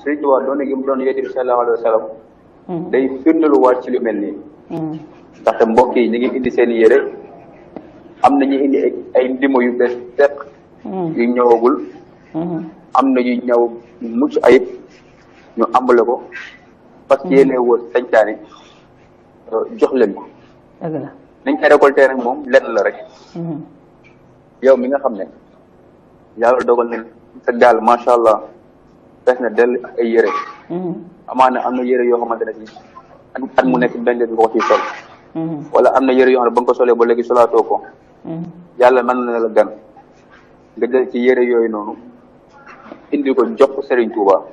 Sëriñ Tuubaa doon gi mu doon yonent bi sallallahu alayhi wa sallam hmm. day firndalu waat ci lu mel nii hmm. ndaxte mbokk yi ñu ngi indi seen yére am na ñu indi ay ndimo yu bees teq hmm. yu ñëwagul am na ñu ñëw mucc ayib ñu ambale ko parce que yéene woo euh, jox leen ko nañ koy récolté nag moom lenn la mi nga xam ne yàlla dogal na sa gaal macha allah fees na dell ay yére mhm. amaana am na yére yoo xamante ne si at mu nekk benn bi nga ko sol mhm. wala am na yére yoo xam ne ba nga ko solee ba léegi solaatoo ko mhm. yàlla man na la gan nga jël ci yére yooyu noonu indi ko jox ko Serigne Touba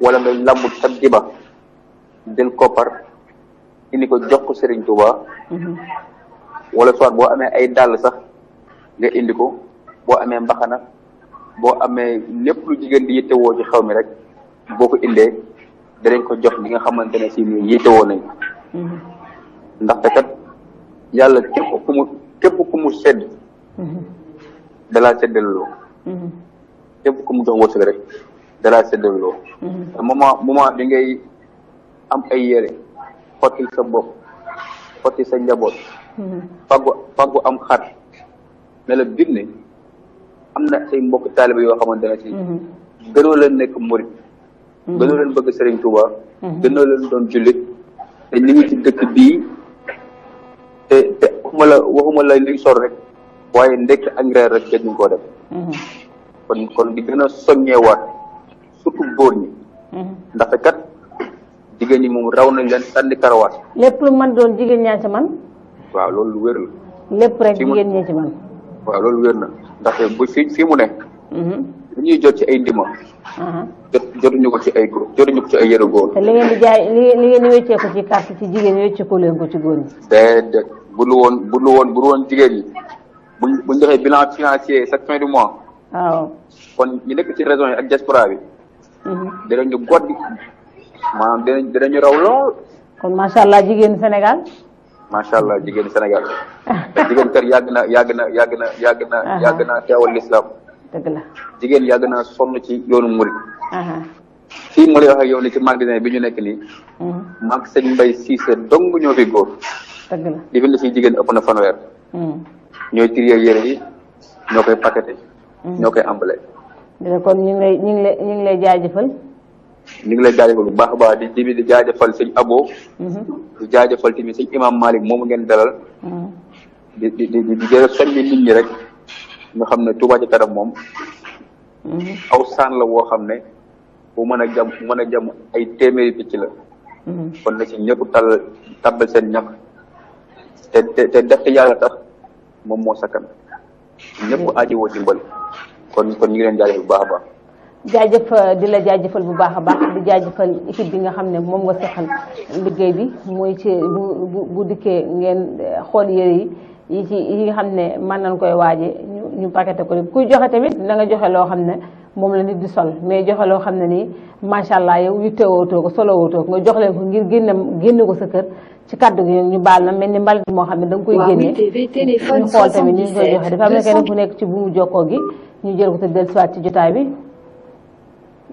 wala nga lamb sa diba boo amee ay dàll sax nga indi boo amee mbaxana boo amee lépp lu jigéen di yittewoo ci xew mi rek boo ko indee danañ ko jox li nga xamante ne si nii yittewoo nañ mm-hmm. ndaxte kat yàlla képp ku mu képp ku mu sedd mm-hmm. dalaa seddaloo mm-hmm. képp ku mu jox wërsëg rek dalaa seddaloo te moment moment bi ngay am ay yére xotti sa bopp xotti sa njaboot faggu faggu am xar ne la bir am na say mbokk taaliba yoo xamante ne ci mm-hmm. gënoo leen nekk murit mm-hmm. gënoo leen bëgg sëriñ Touba mm-hmm. gënoo leen doon jullit te ñu ngi dëkk bii te te waxuma la waxuma la rek waaye ndekk engrais rek gën ñu koo def kon kon di gën a soññeewaat surtout góor ñi ndaxte kat jigéen ñi moom raw nañ leen sànni karawaat lépp lu man doon jigéen ñaa ci man waaw loolu lu wér la lépp rek jigéen ñee ci man waaw loolu wér na ndaxte bu fi fii mu ne li mhm. ñuy jot ci ay ndima mhm. jot jotuñu ko ci ay góor jotuñu ay yëre góor te li ngeen di jaay li ngeen di wéccee ko ci ci jigéen ñi leen ko ci góor de de bu lu woon bu lu woon jigéen ñi buñ buñ defee bilan financier chaque fin du mois waaw kon ñu nekk ci région yi ak diaspora bi mhm. danañu god maanaam danañ danañu raw lool kon macha allah jigéen Sénégal macha allah jigéen Sénégal jigéen kër yàgg na yàgg na yàgg na yàgg na uh-huh. yàgg na teewal lislaam dëgg jigéen yàgg na sonn ci yoonu murit uh-huh. fii mu lay wax ak yow ni magasin bi ñu nekk nii uh-huh. mag sëñ Mbay Siise dong ñoo fi góor dëgg la li fi ne si jigéen ëpp na fanweer ñooy trier yére yi ñoo koy paqueté ñoo koy emballé kon ñu ñu ngi ñu ngi lay jaajëfal ñu ngi lay jaajëfal bu baax a baax di di di jaajëfal sëñ Abo. Mhm. di jaajëfal tamit sëñ Imam moomu ngeen dalal. Mhm. di di di rek nga xam ne Touba ca moom. Mhm. aw saan la woo xam ne bu mën a jam mën a jam ay téeméeri picc la. kon na seen ñax te te te def yàlla tax moom moo sakkan ñëpp aajowoo kon kon ñu ngi leen jaajëfal bu baax baax. jaajëf di la jaajëfal bu baax a baax di jaajëfal équipe bi nga xam ne moom nga seqal liggéey bi muy ci bu bu bu dikkee ngeen eh, xool yére yi yi ci yi nga xam ne man nañ koy waaje ñu ñu paqueté ko kuy joxe tamit na nga joxe loo xam ne moom la nit di sol mais joxe loo xam ne ni macha allah yow yitte wootoo ko solo wootoo ko nga jox leen ko ngir génne génne ko sa kër ci kàddu gi ñu baal na mel ni mbalit moo xam ne da koy génne ñu xool tamit ni ñu koy joxe dafa ku nekk ci bu jokkoo gi ñu jël ko te dellusiwaat ci jotaay bi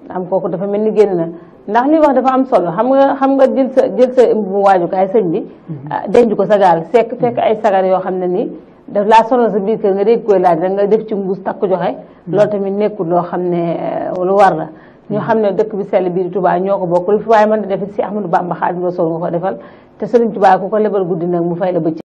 am kooku dafa mel ni génn na ndax li wax dafa am solo xam nga xam nga jël sa jël sa mbubu waajukaay sëñ bi mhm. ah, denc ko sa gaal sekk fekk ay sagar yoo xam ne nii daf laa sonal sa biir kër nga dégg koy laaj rek nga def ci mbuus takk joxe mhm. loolu tamit nekkul loo xam ne eh, lu war la ñoo xam ne dëkk bi sell bi di Touba ñoo ko bokk lu fi waaye mën na def si Ahmadou Bamba Xaadimu Rasuul nga ko defal te Sëriñ Touba ku ko lebal guddi nag mu fay la bëccëg